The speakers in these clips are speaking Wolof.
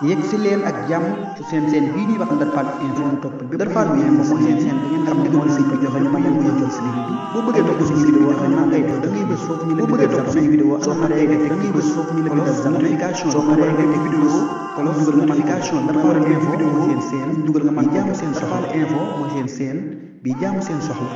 yegg si leen ak jàmm ci seen seen bii ñuy wax Ndar Fall info ñu topp bépp Ndar bi ngeen xam ne mooy bi joxe ñu may mooy jox boo bëggee topp suñu vidéo xam boo bëggee topp suñu seen seen dugal nga man jàmm seen soxla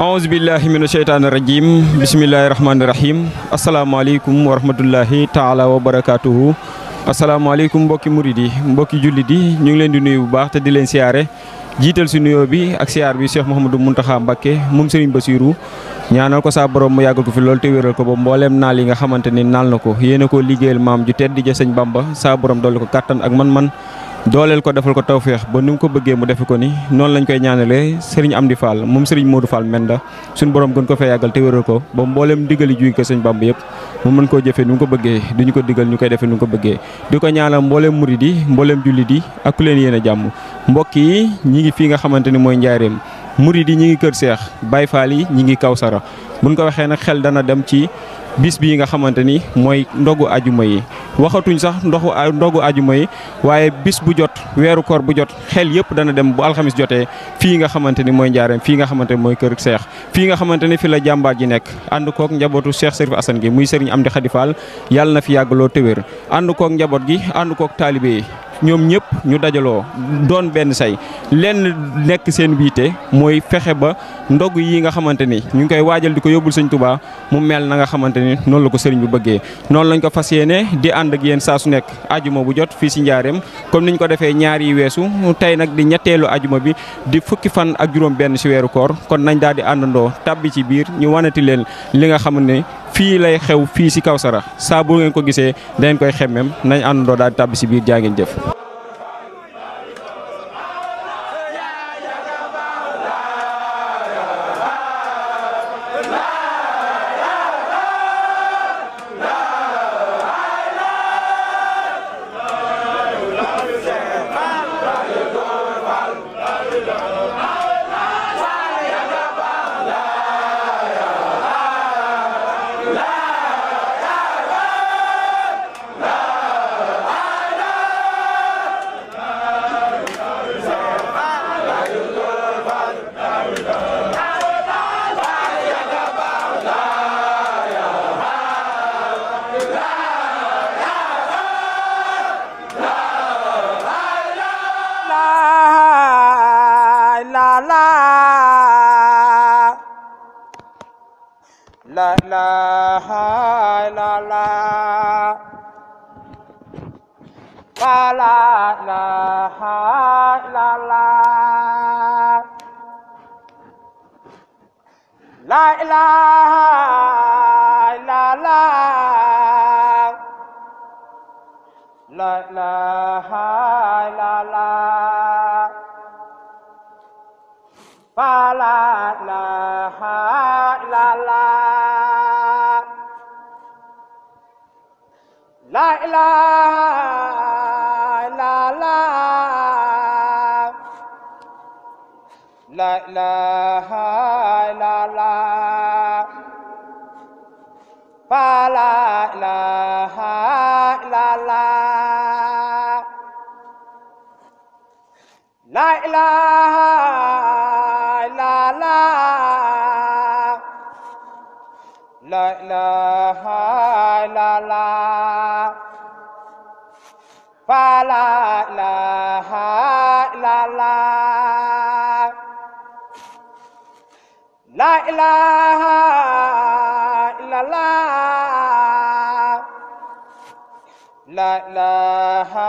A'udzu billahi mina sheytaani rajim Bismillahirrahmanirrahim. rahim taala wa Assalamualaikum asalaamaaleykum mbokki mbokk yi ñu ngi leen di nuyu bu baax te di leen siaré. Jital su nuyo bi ak siar bi Cheikh Mouhamadou Mountakha Mbacké mum Serigne Bassirou ñaanal ko sa borom mu yàggal ko fi lol te wëral ko bo mbollem naal yi nga xamanteni naal liggéeyal maam ju tedd ji Serigne Bamba sa borom dolli ko katan ak man-man dooleel ko defal ko tawféex ba nu mu ko bëggee mu defe ko ni noonu lañ koy ñaanalee Serigne Amdi Fall moom Serigne Modou Fall Menda suñu borom gën ko fee yàggal te wéral ko ba mbooleem digali juy ko sëñ Bamba yëpp mu mën koo jëfee ni mu ko bëggee du ñu ko digal ñu koy defee ni mu ko bëggee di ko ñaanal mbooleem muri di mbooleem jullit yi ak ku leen yéen a jàmm mbokk yi ñi ngi fii nga xamante ni mooy njaareem murid di ñi ngi kër seex Baye faal yi ñi ngi Kawsara buñ ko waxee nag xel dana dem ci bis bii nga xamante ni mooy ndogu ajuma yi waxatuñ sax ndoxu ndogu ajuma yi waaye bis bu jot weeru koor bu jot xel yëpp dana dem bu alxamis jotee fii nga xamante ni mooy njaareem fii nga xamante ni mooy kër seex fii nga xamante ni fi la jàmbaar ji nekk ànd kook njabootu Cheikh Serif Assane gi muy Serigne Amdi Khady Fall yàlla na fi yàgg loo téwér ànd kook njaboot gi ànd kook taalibe yi ñoom ñëpp ñu dajaloo doon benn say lenn nekk seen wiite mooy fexe ba ndog yi nga xamante ni ñu ngi koy waajal di ko yóbbul sëñ Tuubaa mu mel na nga xamante ni noonu la ko sëriñ bi bëggee noonu lañ ko fas yéene di ànd ak yéen saa su nekk ajuma bu jot fii si njaareem kon niñ ko defee ñaar yi weesu tey nag di ñetteelu ajuma bi di fukki fan ak juróom benn si weeru koor kon nañ daal di àndandoo tàbbi ci biir ñu wanati leen li nga xam ne fii lay xew fii si Kawsara saa bu ngeen ko gisee dangeen koy xemmem nañ àndandoo daal di si biir jaa ngeen la ilaha illa la la ilaha illa la fa la ilaha illa la la ilaha illa la la ilaha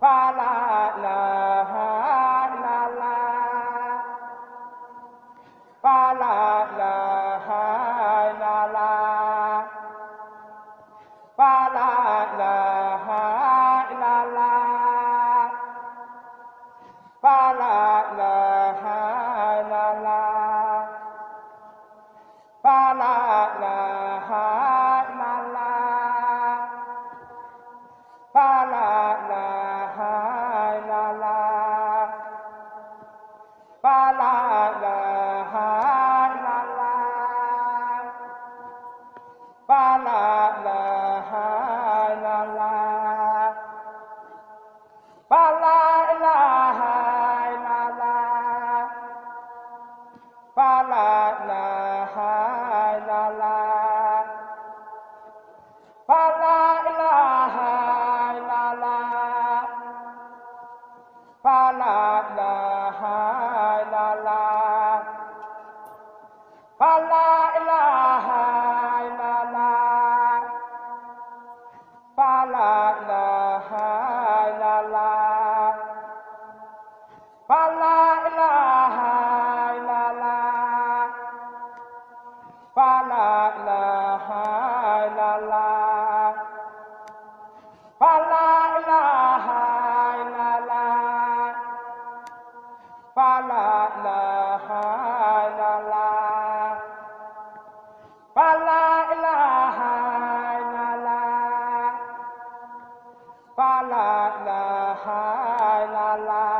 fa la la la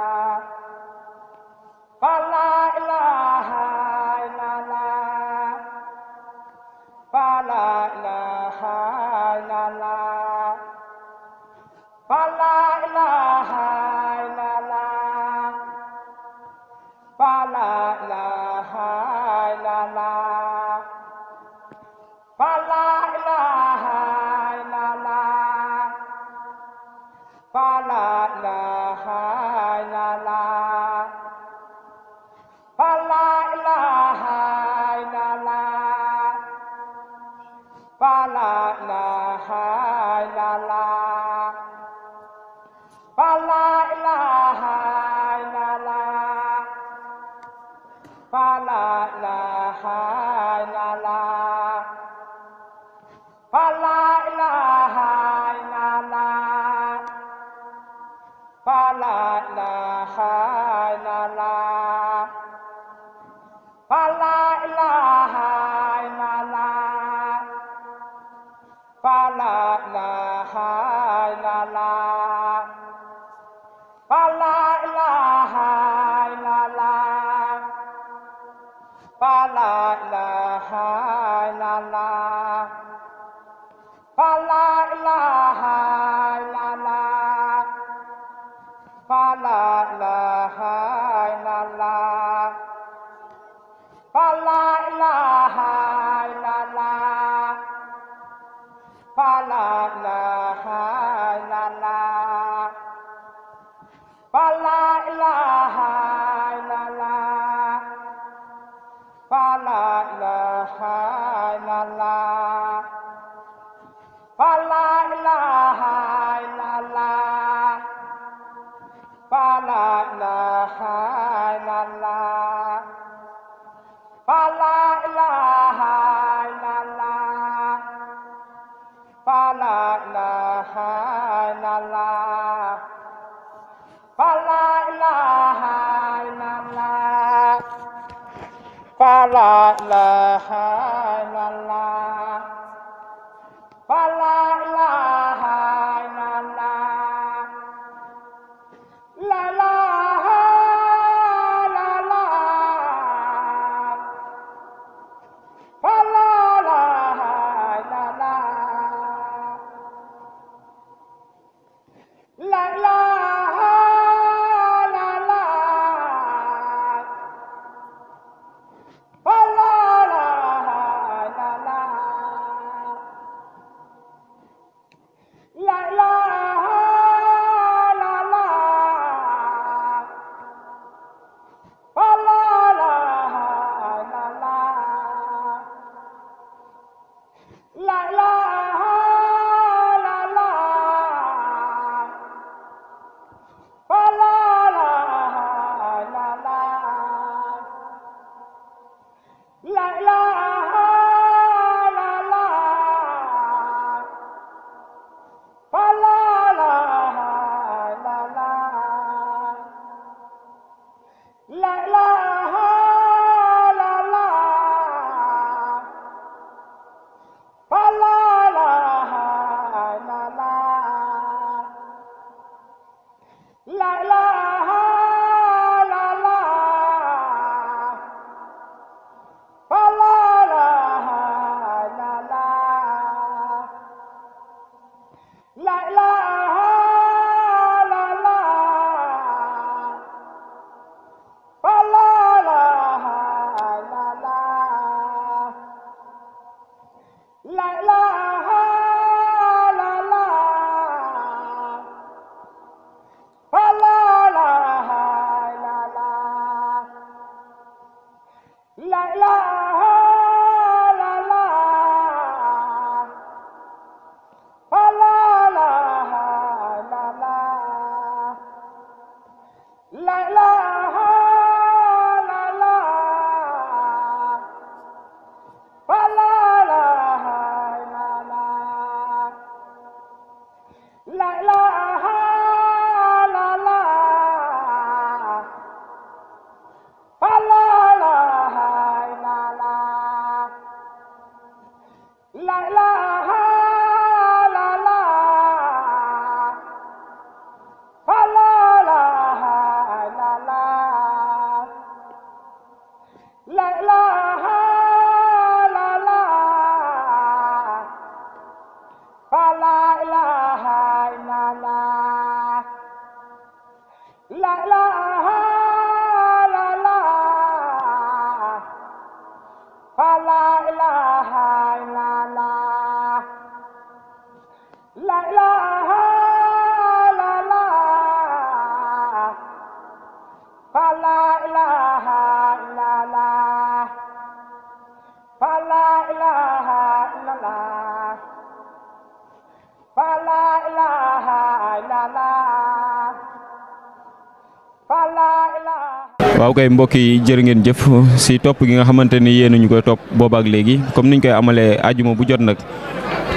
koy mbokk yi jeer ngeen jëf si top gi nga xamanteni ni ñu koy topp boobaak legi comme niñ koy amalé ajuma bu jot nak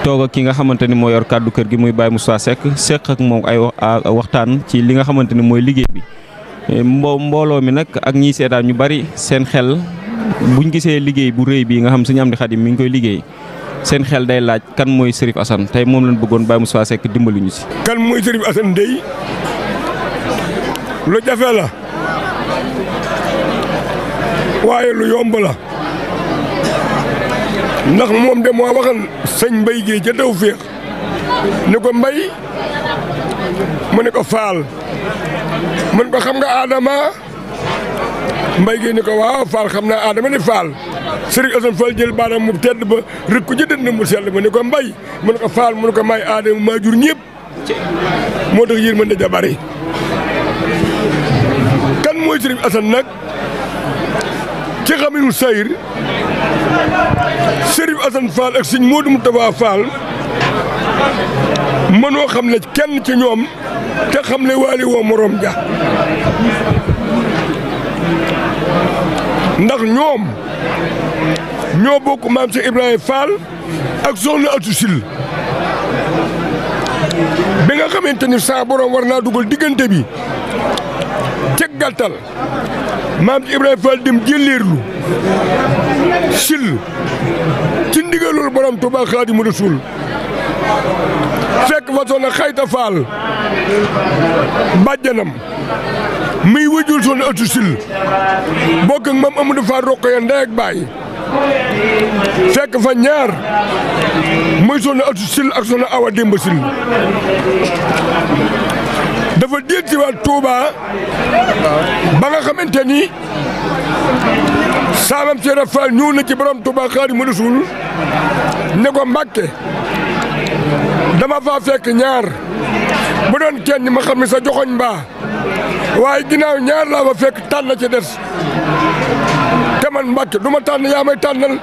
togo ki nga xamanteni mo yor kàddu kër gi muy Baye Moussa sek sek ak mom ay waxtaan ci li nga xamanteni moy bi mbo mbo mi nak ak ñi sétane ñu bari seen xel buñ gisé liggéey bu reuy bi nga xam suñu di xadim mi ngi koy liggéey seen xel day laaj kan moy Serif Assane tay mom lañ bëggoon Baye Moussa sek dimbali ñu si. kan moy Serif Assane dey lo jafé la. waaye lu yomb la ndax moom de moo waxan sëñ mbay gee ca taw féex ni ko mbay mu ne ko faal mu ne ko xam nga aadama mbay gee ni ko waaw faal xam naa aadama di faal sëriñ Assane Fall jël baaraam mu tedd ba rëkk ko jëdën na mu sell ba ni ko mbay mu ne ko faal mu ne ko may aadama maa jur ñëpp moo tax yéen mën na ja bari kan mooy sëriñ Assane nag ci xaminu sayir Sërif Asan Fall ak sëñ Moodu Mustafaa Fall mënoo xam ne kenn ci ñoom te xam ne waali woo moroom ja ndax ñoom ñoo bokk maam Cheikh Ibrahima Fall ak soxna Atou Sil bi nga xamante ni saa war naa dugal diggante bi ci gàttal maam ci Ibrahima Fall dim jëlliirlu sil ci ndigalul borom Tuubaa Xaadimu Rasuul fekk fa soxna Xayta Fall bàjjanam muy wëjul soxna ëttu sil bokk ak maam Amadou Fall rokko baay fekk fa ñaar muy soxna ëttu sil ak soxna Awa Demba Sil dafa diir ci waa Touba ba nga xamante ni saamam ci rafal ñëw na ci borom Touba Xaadimu Rasuul ne ko Mbàkke dama faa fekk ñaar bu doon kenn ma xam ne sa joxoñ mbaa waaye ginnaaw ñaar laa fa fekk tànn ci des te man Mbàkke du ma tànn yaa may tànnal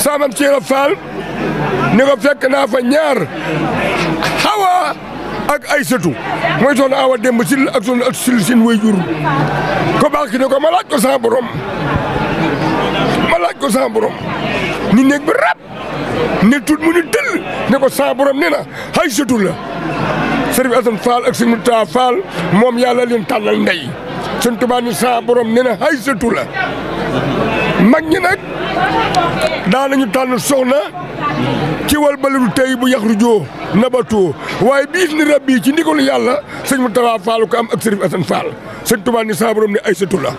saamam ci rafal ne ko fekk naa fa ñaar ak ay sëtu mooy soxna Awa Demba Syll ak soxna Atu Syll seen ko baax ki ne ko ma laaj ko sa ma laaj ko sa ni néeg bi rab ne tuut mu ni dëll ne ko sa borom nee na ay sëtu la sëriñ Assane Fall ak sëriñ Mouta Fall moom yàlla leen tànnal ngay sëñ Tuubaa ni sa borom nee na ay sëtu la mag ñi nag daa nañu tànn soxna ci wal baladu tey bu yaxru joo nabatoo waaye bi isni rabbi ci ndigalu yàlla sëñ mu tawaa faalu ko am ak sëriñ Asan Faal sëñ Tuubaa ni saabaroom ne ay sëtu la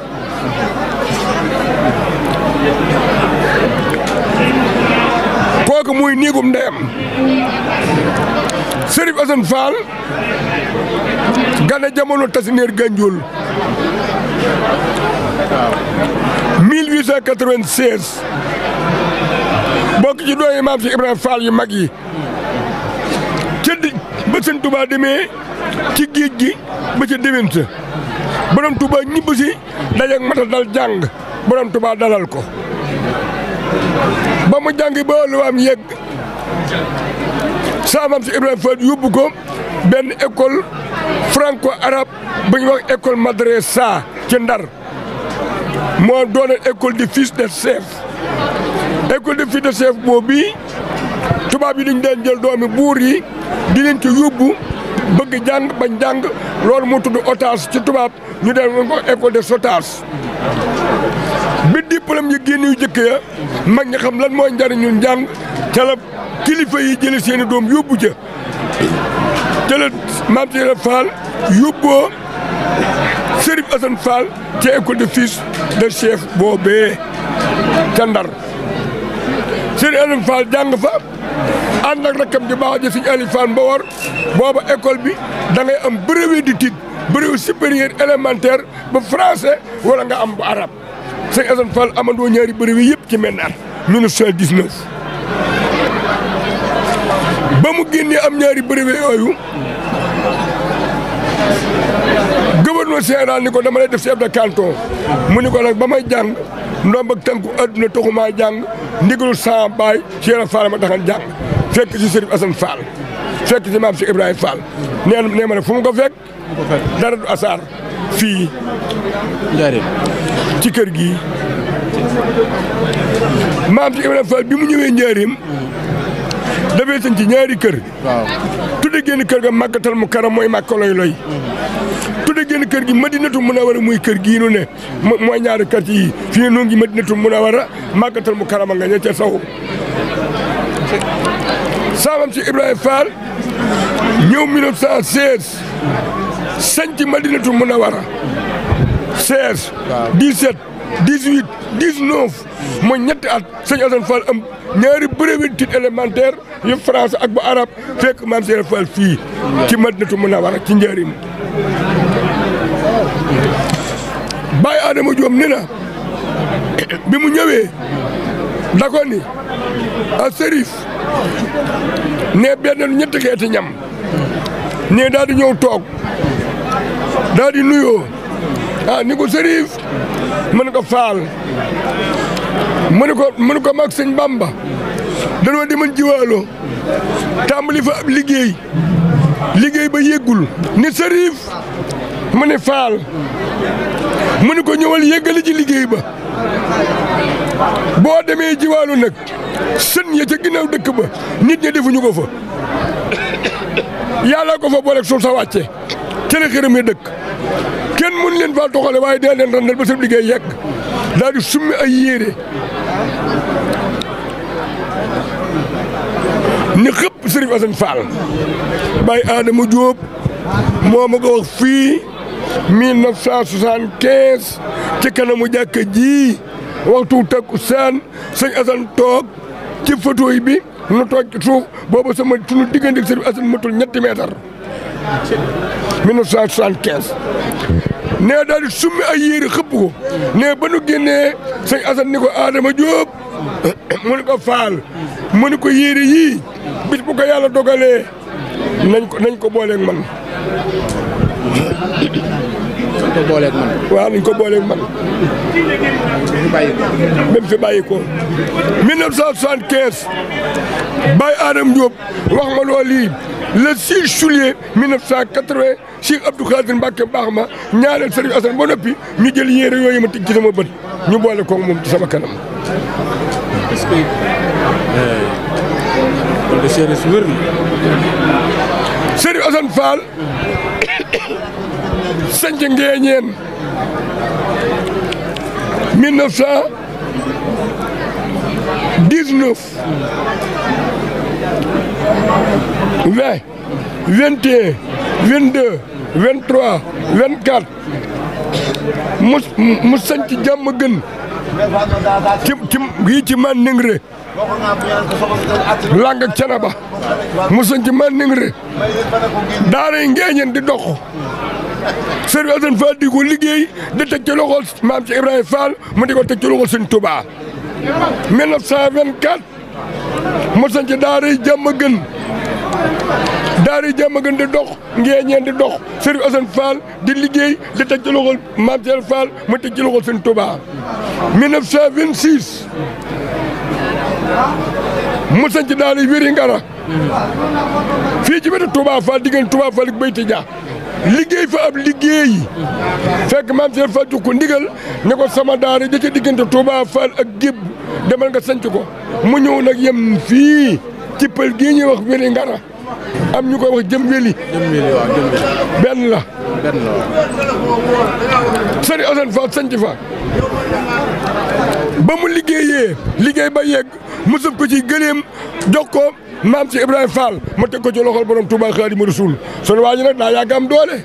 kooku muy néegum ndeyam sëriñ Asan Faal gane jamono tasineer Ganjool 1896 bokk ci doomi maam si Ibrahima Fall yu mag yi ca di ba ci géej gi ba ca déwén sa borom Touba ñibb si dajeeg mata dal jàng dalal ko ba mu jàng ba luwaam yegg saa maam si Ibrahima Fall yóbbu ko benn école franco arabe bu ñuy wax école ci Ndar moo doone école de fils de chef école de fils de chef boobu tubaab yi dañ daan jël doomi buur yi di leen ci yóbbu bëgg jàng ba jàng loolu mu tudd otage ci tubaab ñu dem ko école de sotage bi diplôme yi génn yu jëkk ya mag ñi xam lan mooy njariñu njàng ca la kilifa yi jële seeni doom yóbbu ca ca la maam Fall yóbboo Serif Hassan Fall ci école de fils de chef Bobé ca Serif Hassan Fall jàng fa ànd ak rakam ji baax ji Serigne Ali Fall Mbawar booba école bi da ngay am brevet du titre brevet supérieur élémentaire ba français wala nga am bu arabe Serigne Assane Fall amandoo ñaari brevet yëpp ci menn at 1919 ba mu am brevet yooyu procès oral ni ko dama lay def chef de canton mu ni ko nag ba may jàng ndoom ak tànku adduna taxumaa jàng ndigalu sa baay Cheikh Fall taxan jàng fekk si Serigne Assane Fall fekk si maam si Ibrahima Fall nee nee ma ne fu mu ko fekk dara du asaar fii ci kër gi maam si Ibrahima Fall bi mu ñëwee njaareem dafay sañ ci ñaari kër. waaw tudde génn kër ga màggatal mu karam mooy màkka loy loy. tudde kër gi madinatu wara muy kër gii nu ne. mooy ñaari kër yi fii nii nu ngi madinatu munawara màggatal mu karama nga ña ca saw. saamam si Ibrahima Fall ñëw 1916 sañ ci madinatu munawara 16. 17. dix-huit dix ñetti at sëñ Assane Fall am ñaari brevet titre élémentaire yu français ak bu arabe fekk maam Serigne Fall fii ci Madinatu Munawara ci njëriñ Baye Adama Diop nee na bi mu ñëwee da ko ni a Serif ne benn ñetti xeeti ñam ne daal di ñëw toog daal di nuyoo ah ni ko Serif mën ko faal mën ko mën ko mag sëñ Bamba danoo demoon jiwaaloo tàmbali fa liggéey liggéey ba yëggul ni Serif mu ne faal mu ko ñëwal yëggali ci liggéey ba boo demee jiwaalu nag sën ya ca ginnaaw dëkk ba nit ña defuñu ko fa yàlla ko fa booleeg suuf sa wàcce cere xërëm dëkk kenn mën leen faa waaye dee leen randal ba seen liggéey yegg daal summi ay yére ni xëpp Serigne Assane Fall Baye Adama Diop moo ma wax fii ci kanamu jàkka ji waxtu takkusaan sëñ Assane toog ci photo yi bi nu toog ci suuf boobu sama sunu diggante Serigne Assane matul ñetti mètre nee daal di summi ay yéeri xëpp ko nee ba nu génnee sëñ Assane ni ko Adama Diop mu ni ko faal mu ni yii bis bu ko yàlla dogalee nañ ko nañ ko booleeg man nañ ko booleeg man waaw nañ ko booleeg man même fi bàyyi ko Adam Diop wax ma loolu lii le 6 juillet 1980 Cheikh Abdou Khadir Mbacke baax ma ñaareel Serigne Assane ba noppi ñu jël yéere yooyu ma teg ci sama bët ñu boole koog moom ci sama kanam. est-ce que euh, loolu séeréer wér na. Serigne Assane Fall sanc Ngeeñeen 1919. vingt vingt et un vingt deux vingt trois vingt quatre mu mu sanc jàmm gën ci ci yii ci man ningre làng ak canaba mu sanc man ningre daaray ngeeñeen di dox Sëriñ Asan Fall di ko liggéey di teg ci loxol maam ci Ibrahima Fall mu di ko teg ci loxol Sëriñ Tuubaa 1924 mu sañ ci jàmm gën daara yi jàmm gën di dox ngeeñeen di dox Serigne Assane Fall di liggéey di teg ci loxol Mame Cheikh Fall mu teg ci loxol Serigne Touba 1926 mu sañ ci daara yi wéri ngara fii ci wetu Touba Fall diggante Touba Fall ak Bayti liggéey fa ab liggéey fekk maam si fa ko ndigal ne ko sama daara ca diggante Touba Fall ak Géb demal nga sanc ko mu ñëw nag yem fii ci pël gii ñuy wax wéli ngara am ñu koy wax jëm wéli benn la sëri Assane Fall sanc fa ba mu liggéeyee liggéey ba yegg mu sëf ko ci gëléem jox maam ci Ibrahima Fall ma teg ko ci loxol borom Touba Xaadimu Rasuul sunu waa ji nag daa yàgg am doole.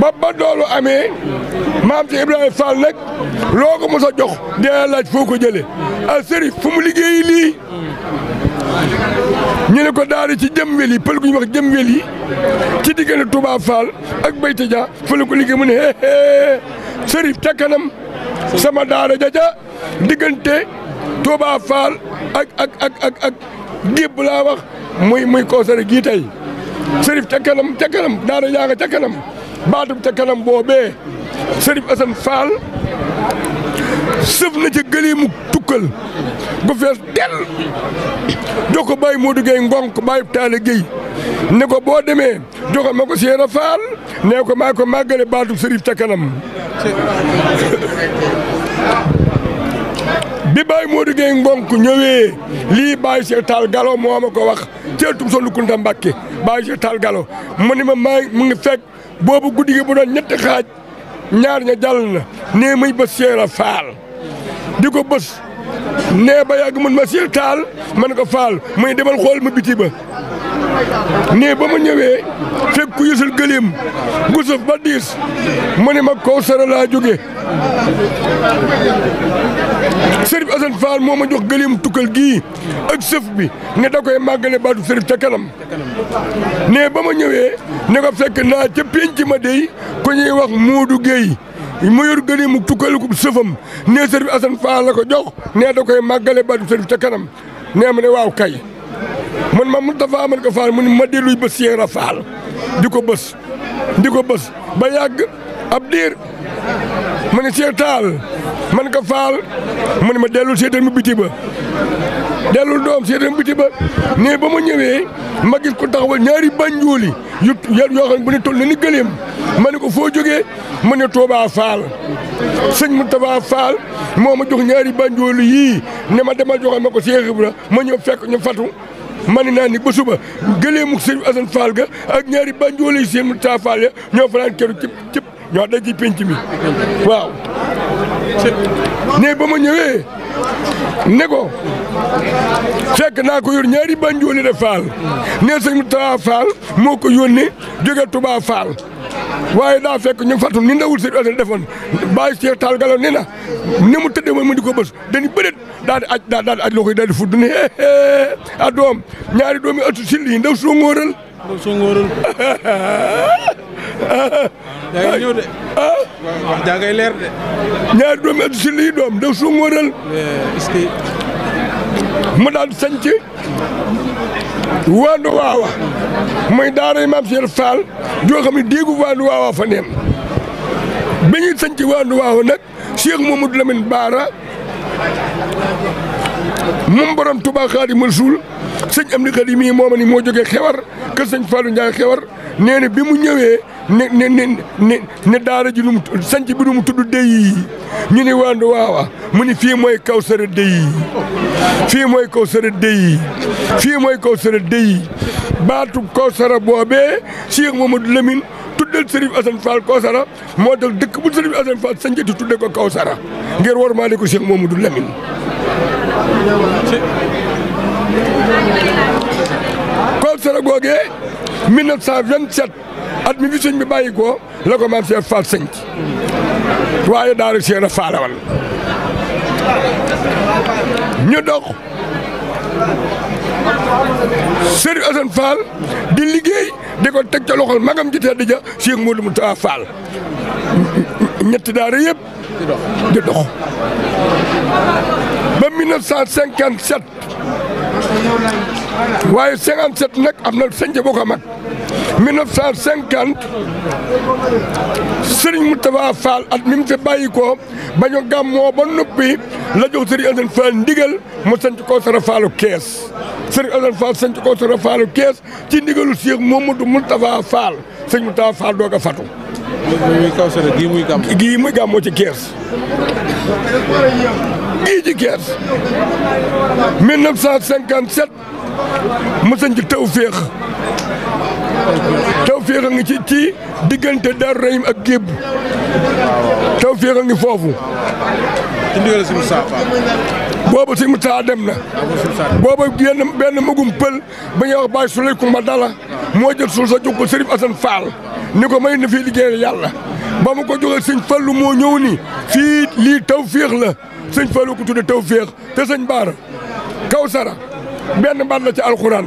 ba ba doolu amee maam ci Ibrahima Fall nag loo ko mos a jox dina laaj foo ko jëlee al sëriñ fu mu liggéey lii. ñu ne ko daara ci jëmwel yi pël gu ñu wax jëmwel yi ci diggante Touba Fall ak Bayte ja fële ko liggéey mu ne hee hee sëriñ ca kanam sama daara diggante. Touba Fall ak ak ak ak ak gébb laa wax muy muy koosare gii tey sërif ca kanam ca kanam daara yaa nga ca kanam baatub ca kanam boobee sërif Assane Fall sëf na ca gëliimu tukkal gu fees del jox ko bàyyi Modou Gueye ngonk bàyyi Taale Gueye ne ko boo demee joxal ma ko Seera Fall ne ko maa ko màggale baatub sërif ca kanam bi Baye Modou Gueye Ngonk ñëwee lii Baye Cheikh Tall Gallo moo ma ko wax ceetum solu Kunta Mbàkke Baye Cheikh Tall Gallo mu ni ma maa mu ngi fekk boobu guddi gi bu doon ñett xaaj ñaar ña jàll na nee muy bës Cheikh Faal di ko bës nee ba yàgg man ma si taal ne ko faal muy demal xool ma biti ba nee ba ma ñëwee fekk ku yësul gëléem gu sëf ba diis mu ne ma kaw sara laa jóge Sërif Asan Faal moo ma jox gëléem tukkal gii ak sëf bi ne da koy màggale baatu sërif ca kanam nee ba ma ñëwee ne ko fekk naa ca ci ma dey ku ñuy wax Moodu Géey mu yor gën mu tukkal ko sëfam nee sëriñ Assane Fall la ko jox nee da koy màggale ba sëriñ ca kanam nee ma ne waaw kay man ma Moustapha man ko Fall mu ne ma delluy bës Sëriñ Fall di ko bës di ko bës ba yàgg. ab diir ma ne see taal man ko faal mu ne ma dellul seetal mu biti ba dellul doom seetal mu biti ba ba ma ñëwee ma gis ko taxawal ñaari banjooli yu yoo xam ne bu ne toll na ni gëleem ma ne ko foo jógee mu ne Touba Fall mu Moustapha Fall moo ma jox ñaari banjooli yii ne ma demal joxal ma ko Cheikh Ibra ma ñëw fekk ñu fatu man ne naa ni ba suba gëleemu sëñ Assane Fall ga ak ñaari banjooli yi sëñ Moustapha Fall ya ñoo fanaan keru cib cib ñoo daj ci pénc mi waaw ne ba ma ñëwee ne ko fekk naa ko yor ñaari banjooli de faal ne sëñ mu faal moo ko yónni jóge tubaa faal waaye daa fekk ñu fàttum ni ndawul sëñ Asan defoon bàyyi Cheikh Tall Galaw ne na ni mu tëddee mooy mu di ko bës dañu bëreet daal aj daal aj loo koy daal di fudd ne doom ñaari doomi ëttu silli yi ndaw soo ngóoral daa ngay ñëw de. ah wax daa ngay leer doom ak si mu daal di sanc waawa muy daara maam Cheikh Fall joo xam ne déggu waadu waawa fa neem bi ñuy sanc waadu waawa nag Cheikh Mamadou Lamine Baara moom borom Touba Khadimou sëñ am di xel yi mii mooma ni moo jógee xewar kër sëñ Fallou Ndiaye xewar nee bi mu ñëwee ne ne ne ji lu mu sanc bi lu mu tudd déy ñu ni waandu waawa mu ni fii mooy kaw sara déy yi mooy kaw sara déy yi mooy kaw sara déy yi baatu kaw sara boobee Cheikh Mamadou Lamine tuddal Serigne Assane moo tax dëkk bu Serigne Assane Fall sanjati tudde ko Kawsara ngir war maa ne ko Cheikh du Lamine Kolsara googee 1927 at mi fi sëñ bi bàyyi ko la ko maam Cheikh Fall sëñ waaye daara Cheikh a faalawal ñu dox Serigne Assane Fall di liggéey di ko teg ca loxol magam ji tedd ja Cheikh Modou Moustapha Fall ñetti daara yëpp di dox ba 1957 waaye 57 nag am na sëñ boo ko mag 1950 Serigne Moustapha Fall at mi mu fi bàyyi ko ba ñu gàmmoo ba noppi la jox Serigne Assane Fall ndigal mu sanc Kawsara Fallu Kees Serigne Assane Fall sanc Kawsara Fallu Kees ci ndigalu Cheikh Mamadou Moustapha Fall sëñ Moustapha Fall doog a fatu. muy muy Kawsara gii ci Kees. gii ci Kees 1957 mu sañ ci taw féex taw féex a ngi ci ci diggante Daaru Rahim ak Gébb taw féex a ngi foofu. boobu si Moussa dem na boobu yenn benn magum pël ba ñuy wax Baye Souley Kumba Dala moo jël suul sa jox ko Sëriñ Asan Faal ni ko may na fii liggéeyal yàlla ba mu ko jógal Sëriñ Fallu moo ñëw ni fii lii tawféex la سين فالو كنتو توفيق تسين بار كوسرة بين بار لتي القرآن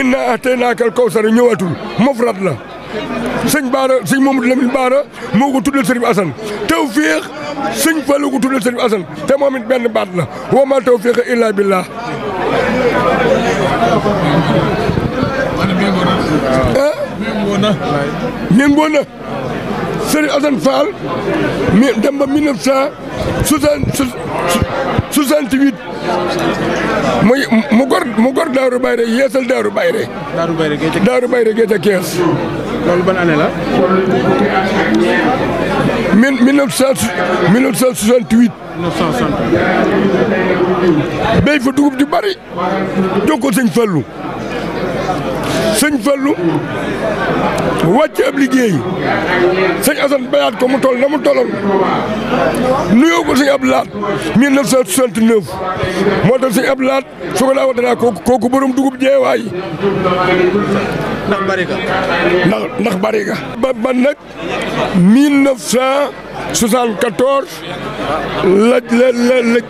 إنا أتيناك الكوسرة نيواتو مفرد لا سين بار سين مومد لمن بار مو كنتو لسريب أسن توفيق سين فالو كنتو لسريب أسن تمامين بين بار لا وما توفيق إلا بالله ميمونا ميمونا Serigne Assane Fall mi dem ba 1968 muy mu gor mu gor Daaru Bayre yeesal Daaru Bayre. Daaru Bayre Géeja loolu ban année la. mille mille neuf cent soixante-huit. dugub ju bari jokkoo sëñ sëñ Fallu wàcc ab liggéey sëñ Asan bayaat ko mu toll na mu tolloon nuyoo ko sëñ Abdu Lahat 1969 moo tax sëñ Abdu Lahat su kooku kooku borom dugub jeewaay ndax bari ga ndax ndax ba ba nag 1974 la la la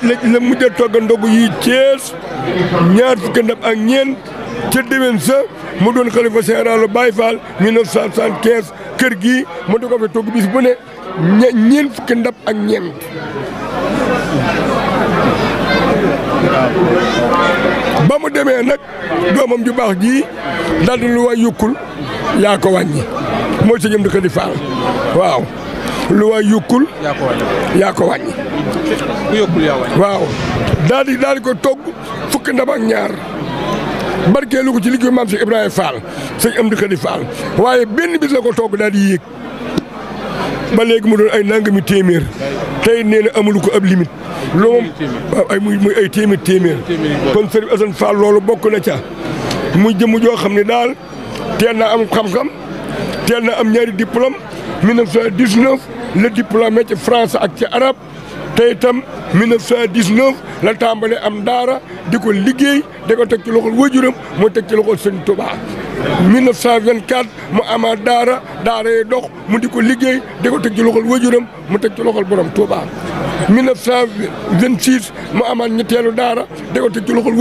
togg ndogu yi Thiès ñaar fukki ndab ak ñeent ca déwén sa mu doon xalifa général Baye Fall 1975 kër gi mu di fi togg bis bu ne ña ñeent fukki ndab ak ñeent. ba mu demee nag doomam ju baax jii daal di lu waay yukkul yaa ko wàññi mooy sa di ko di waaw lu waay yukkul yaa ko wàññi waaw daal di ko togg fukki ndab ak ñaar barkeelu ko ci liggéeyu maam Cheikh Ibrahima Fall sëñ Amdi Khady Fall waaye benn bis la ko togg daal di yéeg ba mu doon ay nangami téeméer tey nee amulu ko ab limite loolu mu ay muy muy téeméer téeméer kon Serigne Assane Fall loolu bokk na ca muy jëmm joo xam ne daal teel naa am xam-xam teel naa am ñaari diplôme 1919 le diplôme ci France ak ci arabe te itam 1919 la tàmbale am daara di ko liggéey di ko teg ci loxol waajuram moo teg ci loxol sëñ Tuubaa 1924 mu amaat daara daara yi dox mu di ko liggéey di ko teg ci loxol waajuram mu teg ci loxol borom Tuubaa 1926 mu amaat ñetteelu daara di ko teg ci loxol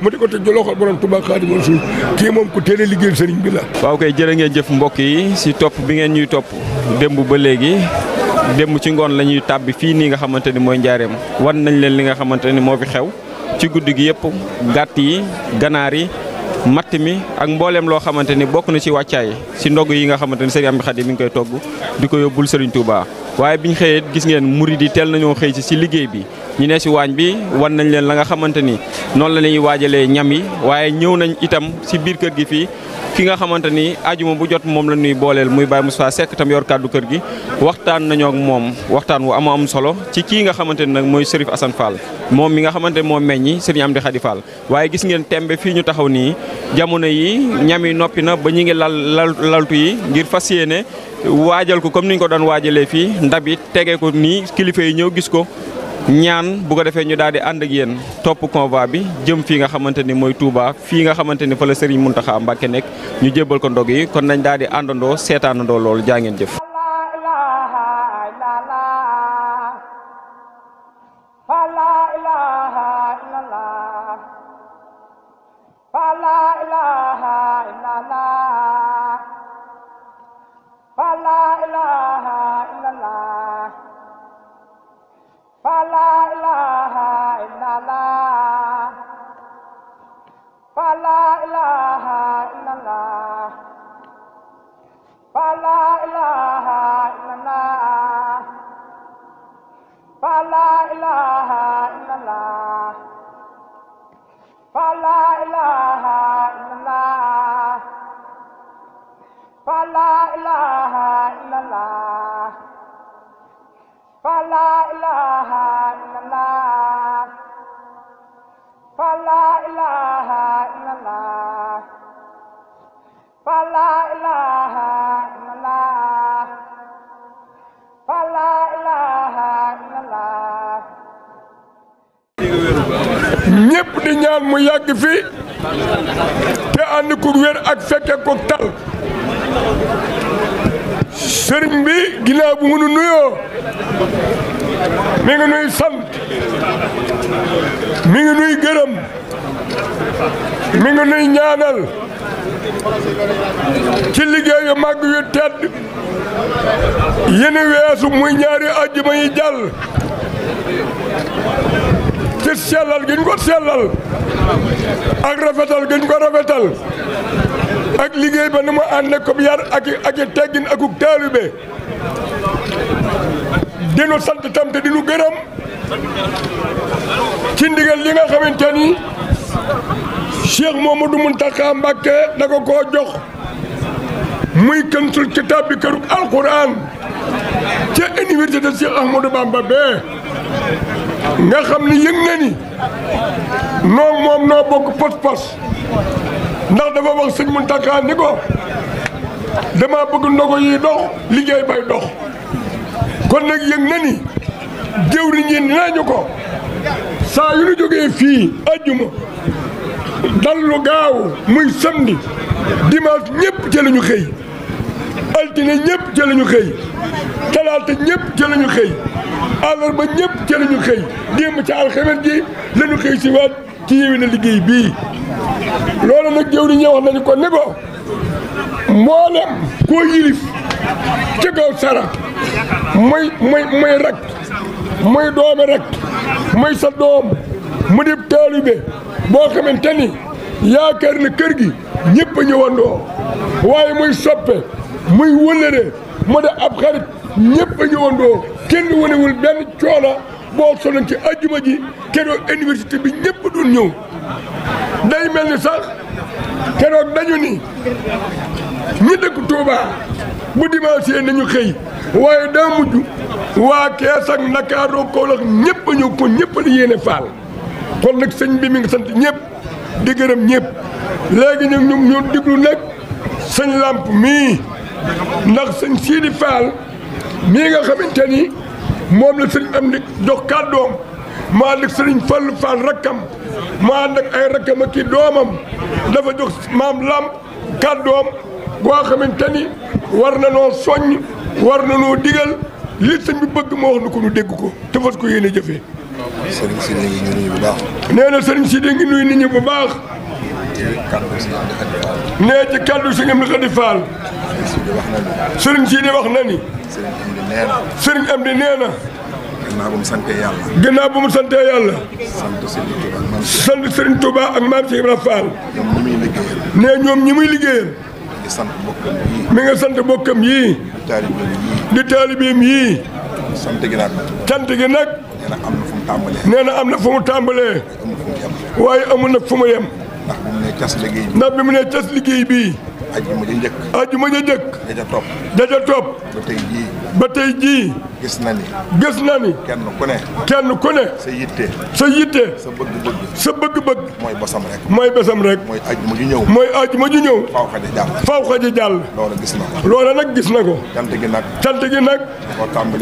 mu di ko teg ci loxol borom Tuubaa Xaadimu Rasuul kii moom ku teel a liggéeyal sëriñ bi la. waaw koy jërë ngeen jëf mbokk yi si topp bi ngeen ñuy topp démb ba léegi. démb ci ngoon la ñuy tàbbi fii nii nga xamante ni mooy njaareem wan nañ leen li nga xamante ni moo fi xew ci guddi gi yëpp gàtt yi ganaar yi matt mi ak mbooleem loo xamante ni bokk na ci wàccaay si ndog yi nga xamante ni am Amdi Xaadim mi ngi koy togg di ko yóbbul sëriñ Touba waaye biñ xëyee gis ngeen murid yi teel nañoo xëy si si liggéey bi ñu ne si wañ bi wan nañ leen la nga xamanteni ni la ñuy wajale ñam yi waye ñew nañ itam ci biir kër gi fi ki nga xamanteni ni bu jot mom la nuy bolel muy Baye Moussa sek tam yor kaddu kër gi waxtaan nañu ak mom waxtaan wu am am solo ci ki nga xamanteni nak moy Serif Assane Fall mom mi nga xamanteni mom moo meññi serif Amdi khadi Fall waye gis ngeen tembe fi ñu taxaw ni jamono yi ñam yi nopi na ba ñi ngi lal laltu yi ngir fasiyene wajal ko comme ni ko don wajale fi ndab yi ko ni kilife yi ñew gis ko ñaan bu ko defee ñu daal di ànd ak yéen topp convoi bi jëm fii nga xamante ni mooy Touba fii nga xamante ni fa la Serigne Mountakha Mbacké nekk ñu jébbal ko ndog yi kon nañ daal di àndandoo seetaanandoo loolu jaa ngeen jëf. ñëpp di ñaan mu yàgg fi te ànd ku wér ak fekke ko tal sëriñ bi ginnaaw bu mu nu nuyoo mi ngi nuy sant mi ngi nuy gërëm mi ngi nuy ñaanal ci liggéey yu màgg yu tedd yene weesu muy ñaari àjjuma yi jàll ngir sellal gi ñu ko sellal ak rafetal gi ñu ko rafetal ak liggéey ba nu mu ànd ak yar ak ak teggin akuk taalibe dinu sant tam te dinu gërëm ci ndigal li nga xamante ni Cheikh Mamadou Mountakha Mbacké da ko koo jox muy kansul kitaab bi këruk alquran ca université Cheikh Ahmadou Bamba bee nga xam ni yëg na ni noo moom noo bokk pos-pos ndax dafa wax sëñ Mountakha ni ko dama bëgg ndogo yi dox liggéey bay dox kon nag yëg na ni jëwriñ yi dinañu ko saa yu nu jógee fii ajjuma dallu gaaw muy samedi dimanche ñëpp ci lañu xëy altine ñëpp ci lañu xëy talaata ñëpp ci lañu xëy àllarba ñëpp ci lañu xëy démb ci alxames ji lañu xëy si waat ci yéwi na liggéey bii loolu na jëw di ñëw nañu ko ne ko mboolem koo yilif ci kaw sara mooy mooy mooy rak mooy doomi rak mooy sa doom mu dib taalibe boo xamante ni yaakaar na kër gi ñëpp a ñëwandoo waaye mooy soppe muy wëllëre moo de ab xarit ñëpp a ñëwandoo kenn wanewul benn coono boo sonoon ci ajjuma ji keroog université bi ñëpp doon ñëw day mel ni sax keroog dañu ni ñi dëkk Touba bu dimanche nañu xëy waaye daa mujj waa Kees ak Ndakaaru Kawlax ñëpp a ñëw ko ñëpp la yéene faal kon nag sëñ bi mi ngi sant ñëpp di gërëm ñëpp léegi ñu ñu diglu nag sëñ làmp mi ndax sëñ siini Fall mii nga xamante ni moom la sëriñ am di jox kàddoom maa ànd ak sëriñ Fall Fall rakkam maa ànd ak ay rakkam ak i doomam dafa jox maam lam kàddoom boo xamante ni war na noo soññ war na noo digal li sëñ bi bëgg moo wax nu ko nu dégg ko te fas ko yéene jëfee. sëriñ Sidi ngi nuyu bu bu baax. nee ci kaddu si ngam xadi faal sëriñ si di wax na ni sëriñ am di nee na gannaaw bu mu sante yàlla gannaaw bu mu sante yàlla sant sëriñ Touba ak maam si Ibra Faal nee ñoom ñi muy liggéeyal mi nga sant bokkam yii di taalibeem yii sant gi nag sant gi nag nee na am na fu mu tàmbalee waaye amul nag fu mu yem ndax bi mu nee cas liggéey bi. ndax bi mu nee cas liggéey bii. ajjuma ja njëkk. ajjuma ja njëkk. ja ba tey jii. gis na ni. gis na ni. kenn ku ne. kenn ku ne. sa yitte. sa yitte. sa bëgg-bëgg. sa bëgg-bëgg. mooy basam rek. mooy basam rek. mooy ajuma ju ñëw. mooy ajuma ju ñëw. faaw xaja jàll. faaw xaja jàll. loola gis na ko. loola nag gis na ko. cant gi nag. cant gi nag. li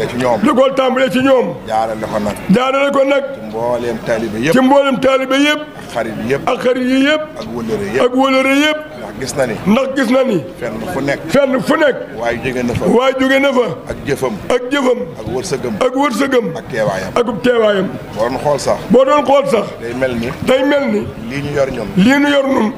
ko ci ñoom. li ko ci ñoom. jaarale ko nag. jaarale ko nag. ci mbooleem taalibe yëpp. ci mbooleem taalibe yëpp. ak xarit yëpp. ak xarit yi yëpp. ak wëlëre yëpp. ak wëlëre yëpp. ndax gis na ni. ndax gis na ni. fenn fu nekk. fenn fu nekk. waaye jóge na waaye jóge na fa. jëfam ak jëfam ak wërsëgam ak wërsëgam ak teewaayam ak teewaayam boo doon xool sax boo doon xool sax day mel ni day mel ni lii ñu yor ñun lii ñu yor ñun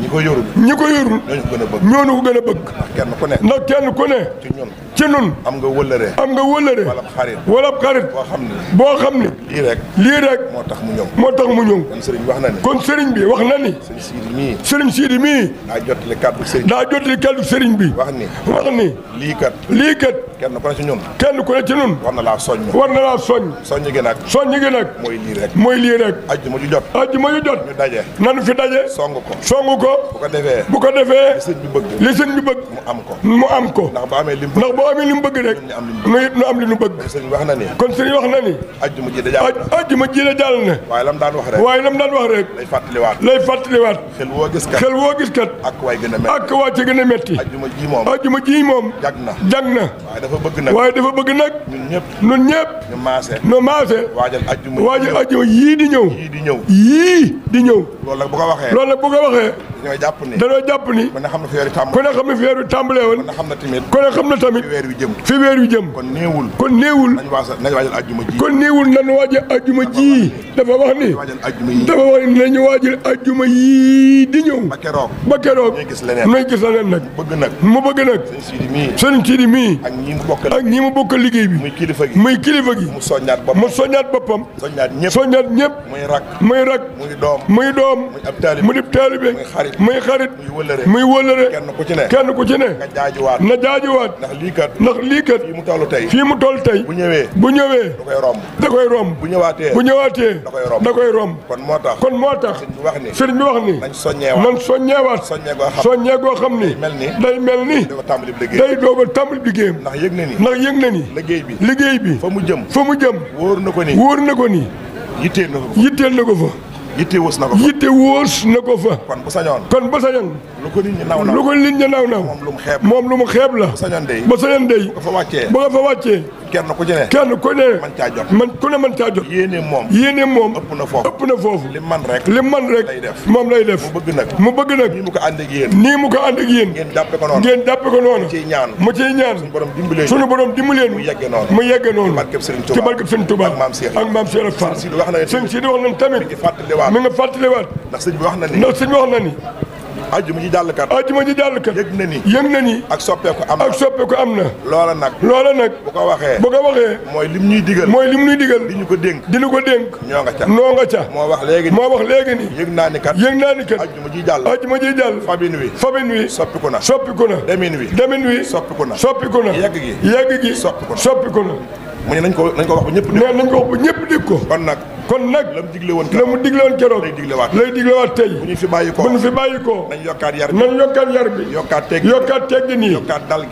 ñi ko yorul ñi ko yorul ñoo ñu ko gën a bëgg ñoo ñu ko gën a bëgg ndax kenn ku ne ndax kenn ku ne ci ñun ci nun am nga wëllëre. am nga wëllëre. wala xarit. wala xarit. boo xam ni. boo xam ni. lii rek. lii rek. moo tax mu ñëw. moo tax mu ñëw. kon sëriñ bi wax na ni. kon sëriñ bi wax na ni. sëriñ Sidi mii. sëriñ Sidi mii. daa jot kàddu sëriñ. daa jotali kàddu sëriñ bi. wax ni. wax ni. lii kat. lii kat. kenn ku ne ci ñun. kenn ku ne ci ñun. war na laa soññ. war na laa soññ. soññ gi nag. soññ gi nag. mooy lii rek. mooy lii rek. ajjuma ju jot. ajjuma ju jot. ñu daje. nanu fi daje. song ko. song ko. bu ko defee. bu ko defee. li sëñ bi bëgg. li sëñ mu am ko. mu am ko. ndax amee li mu bëgg rek nu it nu am li nu bëgg da jàll na ajjuma ji da jàll na waaye lam daan wax rek waaye lam daan wax rek lay fàttaliwaat lay fàttaliwaat xel woo gis kat xel woo gis kat ak waay a metti ak waay ci gën a metti ajjuma ji moom moom jag na waaye dafa bëgg nag waaye dafa bëgg nag ñun ñëpp ñun maase ñu maase waajal ajjuma di ñëw yii di ñëw yii di ñëw loolu nag bu ko waxee loolu nag bu ko waxee dañoo jàpp ni dañoo jàpp ni ku ne xam na fi weeru tàmbalee woon ku xam na tamit weer wi jëm. fi weer wi jëm. kon néewul. kon néewul. nañ waajal nañ waajal ajjuma ji. kon néewul nañ waajal ajjuma ji. dafa wax ni dafa wax ni nañu waajal ajjuma yii di ñëw. ba keroog ba keroog. nañ gis leneen nañ gis leneen nag. mu bëgg nag mu bëgg nag. ak ñi mu bokkal ak ñi mu bokkal liggéey bi. muy kilifa gi muy kilifa gi. mu soññaat boppam mu soññaat boppam. soññaat ñëpp soññaat ñëpp. muy rak muy rak. muy doom muy doom. mu di taalibe muy xarit muy wëllëre kenn ku ci ne. na jaajuwaat kat ndax lii kat fii mu toll tey fii mu toll tey bu ñëwee bu ñëwee da koy romb da koy romb bu ñëwaatee bu ñëwaatee da koy romb da koy romb kon moo tax kon moo tax sëriñ bi wax ni nañ soññeewaat nañ soññeewaat soññee goo xam ni day mel ni day doog a tàmbali liggéeyam ndax yëg na ni ndax yëg na ni liggéey bi liggéey bi fa mu jëm fa mu jëm wóor na ko ni wóor na ko nii yitteel na ko fa yitte woos na ko fa yitte kon bu sañoon lu ko nit ñi naw naw moom lu mu xeeb la. bu sañoon dey bu ko fa wàccee kenn ku ne. man ku ne man caa jot. moom ëpp na foofu li man rek moom lay def. mu bëgg nag mu bëgg nag. nii mu ko ànd ak ngeen jàppe ko noonu mu ciy ñaan mu ciy ñaan. suñu borom mu yegge noonu ci barkeb Serigne Touba ak maam Cheikh ak maam Cheikh Fall. sëñ wax nañ tamit. mi nga fàttaliwaat. ndax sëñ bi wax na ni ndax sëñ bi wax na ni. ajjuma ji jàll kat ajjuma ji jàll kat yëg na ni yëg na ni ak soppeeku am na ak am na loola nag loola nag bu ko waxee boo ko waxee mooy lim ñuy digal mooy lim ñuy digal di ñu ko dénk di ñu ko dénk ñoo nga ca moo wax léegi moo wax léegi ni yëg naa ni kat yëg naa ni kat ajjuma ji jàll ajjuma ji jàll fabin wi fabin wi soppiku na soppiku na demin wi demin wi soppiku na soppiku na yegg gi yegg gi soppiku na na mu ne nañ ko ko wax ñëpp dégg ko nañ ko wax ko kon nag kon nag la mu digle woon keroog la mu digle woon keroog lay diglewaat lay diglewaat tey bu ñu fi bàyyi ko bu ko nañ yokkaat yar bi nañ yokkaat yar bi yokkaat teg yokkaat teggin yi yokkaat dal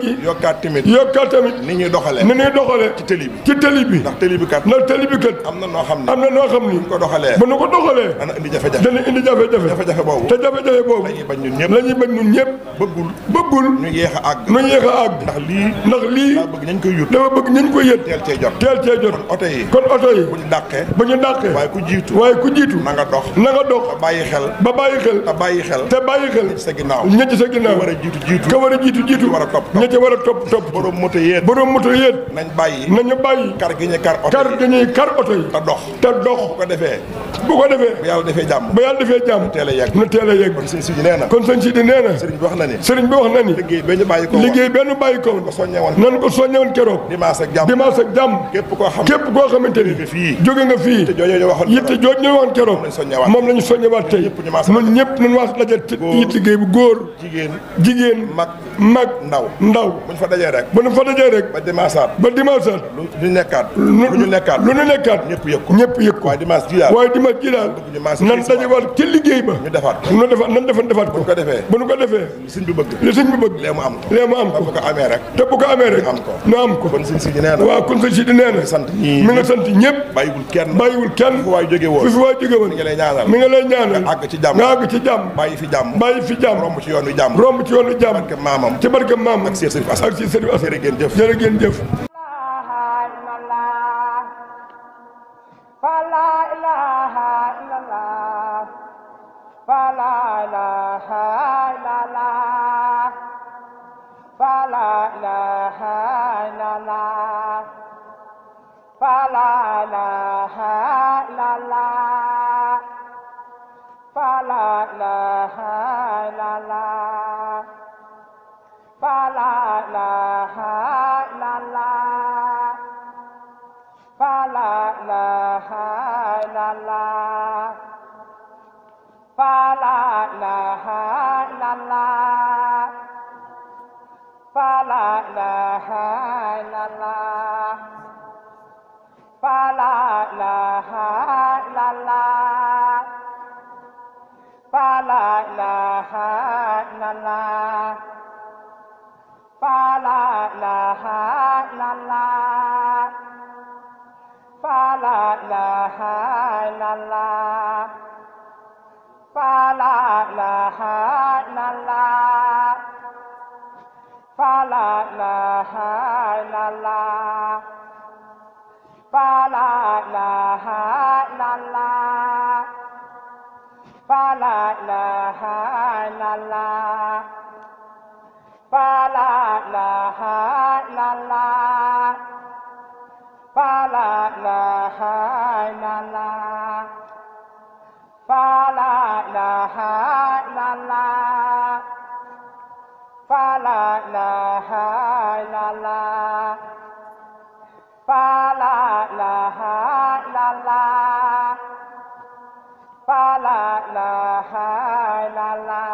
gi yokkaat tamit ni ñuy doxale ni ñuy doxale ci tëli bi ndax tëli bi kat ndax tëli bi kat am na noo xam ne am na noo xam ni ko doxalee bu nu ko doxalee dana indi jafe-jafe dana jafe-jafe boobu te jafe-jafe boobu la ñuy bañ ñun ñëpp la ñuy bañ ñun ñëpp a àgg ñu yéex a àgg ndax lii ndax lii daa bëgg nañ koy yut dafa bëgg nañ koy yët teel cee jot teel cee jot kon oto yi kon oto yi bu ñu dàqee bu ñu dàqee waaye ku jiitu waaye ku jiitu na nga dox na nga dox ba bàyyi ba bàyyi xel te bàyyi xel ña sa ginnaaw ña ci sa yi te dox bi wax na ni liggéey benn bàyyi ko nan ko soññewoon tey ñun ñëpp nañ wax la jël ci liggéey bu góor. jigéen jigéen. mag mag ndaw ndaw. bu ñu fa dajee rek. bu ñu fa dajee rek. ba dimanche ba dimanche lu ñu nekkaat. lu ñu nekkaat lu ñu nekkaat. ñëpp yëg ko ñëpp yëg ko. waaye dimanche ji daal waaye dimanche ji daal. nan dajewaat ci liggéey ba. ñu defaat ko ñu defaat nan defaat defaat ko. bu ñu ko defee bu ñu ko defee. li sëñ bi bëgg. li sëñ bi bëgg. lee mu am ko lee mu am ko. te bu ko amee rek. te bu ko amee rek. ñu am ko kon sëñ si di nee na. waaw kon sëñ si di nee na. mi nga sant ñëpp. bàyyiwul kenn bàyyiwul kenn. fu fi waay jóge woon mi nga lay ñaanal mi nga lay ñaanal. nga àgg ci jàmm bàyyi fi jàmm bàyyi fi jàmm romb ci yoonu jàmm romb ci yoonu jàmm barke maamam ci barke maamam ak Cheikh Serif Assane ak Cheikh Serif Assane jërë ngeen jëf jërë ngeen jëf la la la la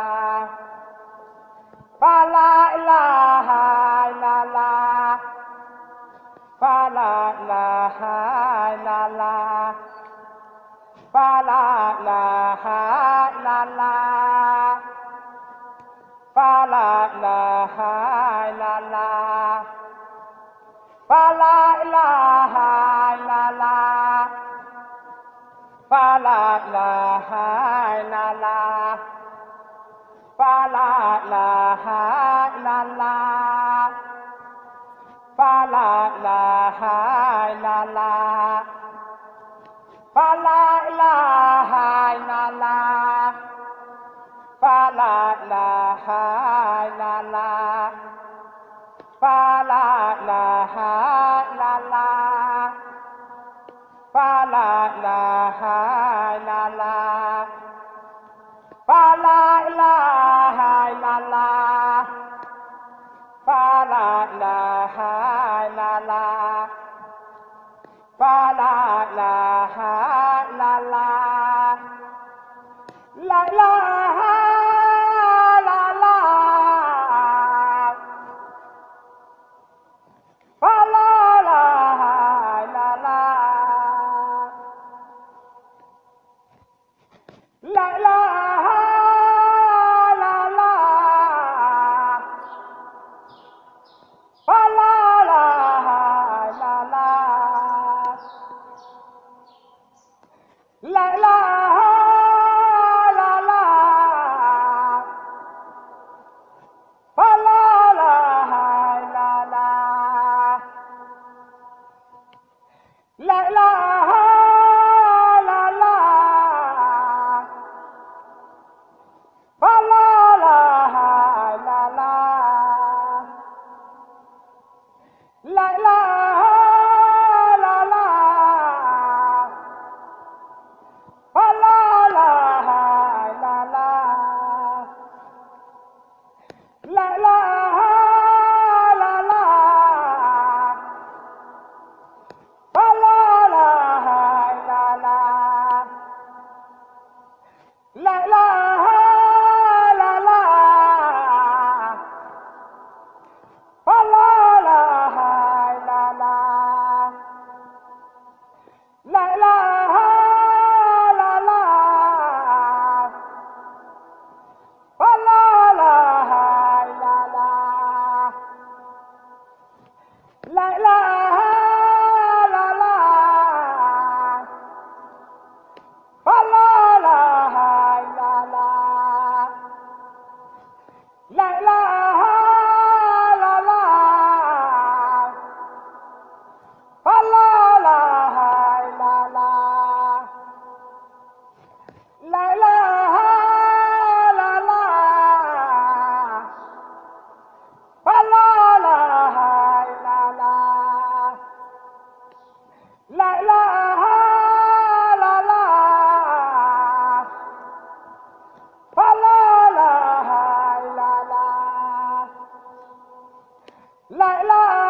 lại là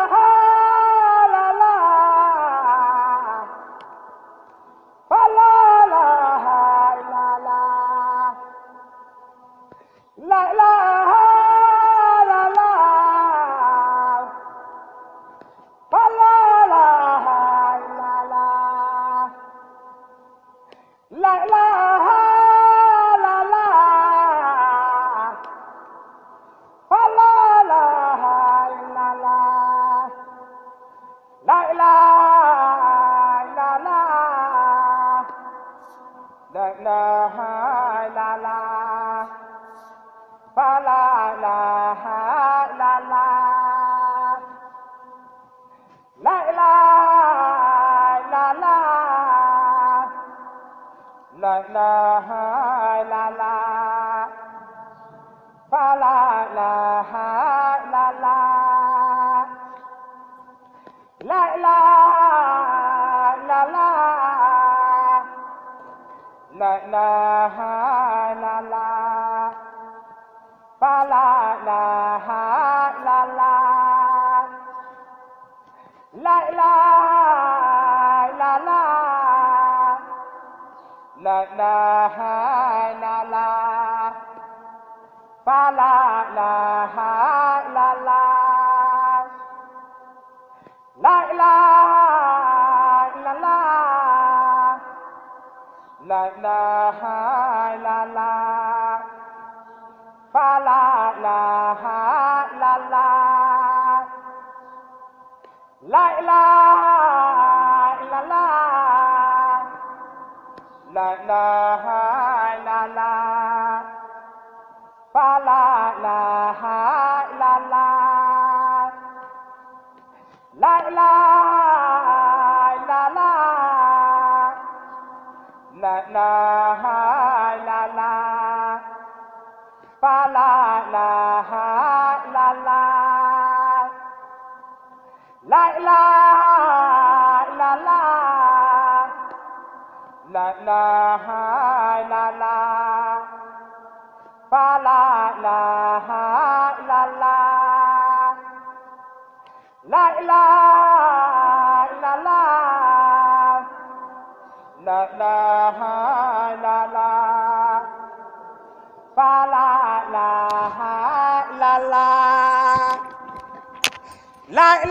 la ilaha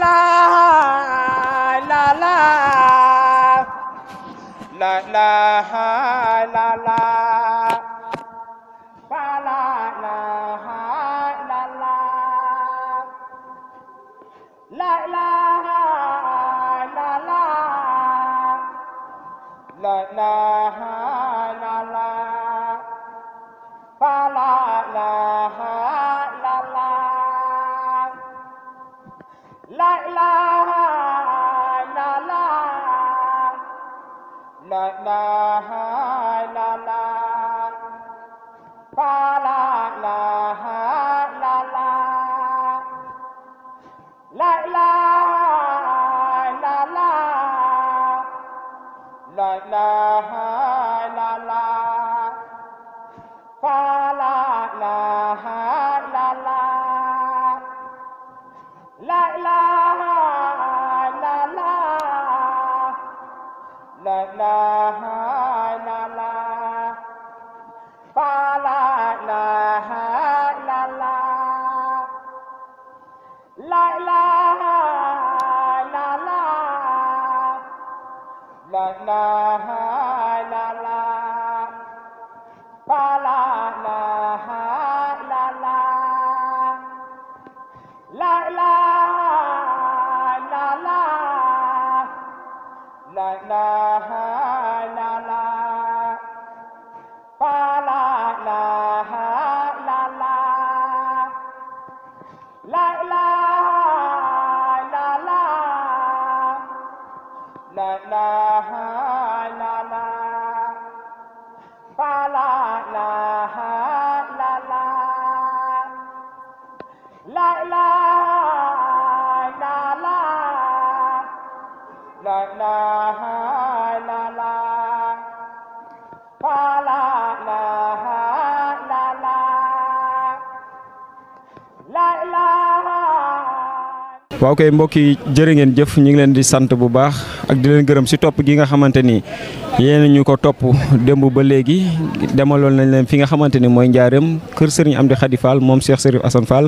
la la la la đại ha. waaw koy mbokk yi jërë ngeen jëf ñu ngi leen di sant bu baax ak di leen gërëm si topp gi nga xamante ni yéen ñu ko topp démb ba léegi demaloon nañ leen fi nga xamante ni mooy njaareem kër am di Khady Fall moom Cheikh Serif Assane Fall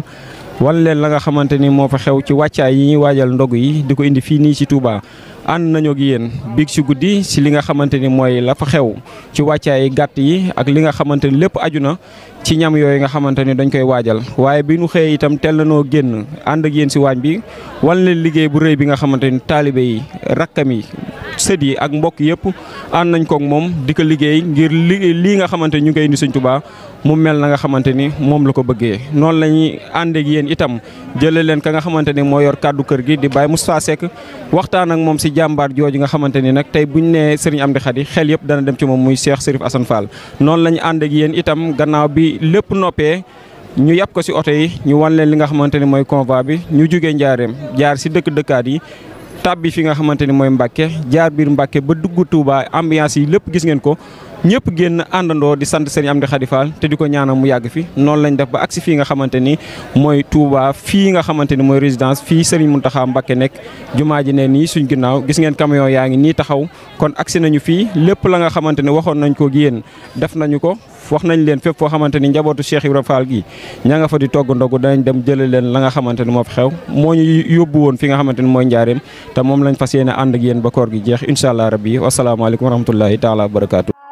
wan leen la nga xamante ni moo fa xew ci wàccaay yi ñuy waajal ndog yi di ko indi fii nii ci Touba. ànd nañoo ak yéen biig si guddi si li nga xamante ni mooy la fa xew ci wàccaay gàtt yi ak li nga xamante ni lépp aju na ci ñam yooyu nga xamante ni dañ koy waajal waaye bi ñu xëyee itam teel noo génn ànd ak yéen si waañ bi wan leen liggéey bu rëy bi nga xamante ni taalibe yi rakkam yi sët yi ak mbokk yëpp ànd nañ ko moom di ko liggéey ngir li lii nga xamante ni ñu ngi koy indi Sëñ Tuubaa mu mel na nga xamante ni moom la ko bëggee noonu la ñuy ànd yéen itam jëlee leen ka nga xamante ni moo yor kàddu kër gi di Baye Moustapha Seck waxtaan ak moom si jàmbaar jooju nga xamante ni nag tey buñ nee Serigne Amdy Khady xel yëpp dana dem ci moom muy Cheikh Serif asan Fall noonu la ñu ànd ak itam gannaaw bi lépp noppee ñu yàpp ko si oto yi ñu wan leen li nga xamante ni mooy convoi bi ñu jugee njaareem jaar si dëkk dëkkaat yi bi fi nga xamanteni ni mbacké jaar bir mbacké ba duggu Touba ambiance yi lepp gis ngeen ko ñepp genn andando di sante Serigne Amdi Khady te diko ko mu yàgg fi non lañ def ba aksi fi nga xamanteni ni Touba fi nga xamanteni ni résidence fi Serigne muntaha mbacké nek jumaaji ne ni suñu ginnaaw gis ngeen camion yaangi ni taxaw kon aksi nañu fi, lepp la nga xamanteni ni nañ ko ak def nañu ko wax nañ leen fépp foo xamante ni njabootu Cheikh Ibra Fall gi ña nga fa di togg ndogu danañ dem jëlee leen la nga xamante ni moo fi xew moo ñu yóbbu woon fi nga xamante ni mooy njaareem te moom lañ fas yéene ànd ak yéen ba koor gi jeex incha allah rabbi wasalaamaaleykum wa rahmatullahi taala wa barakaatu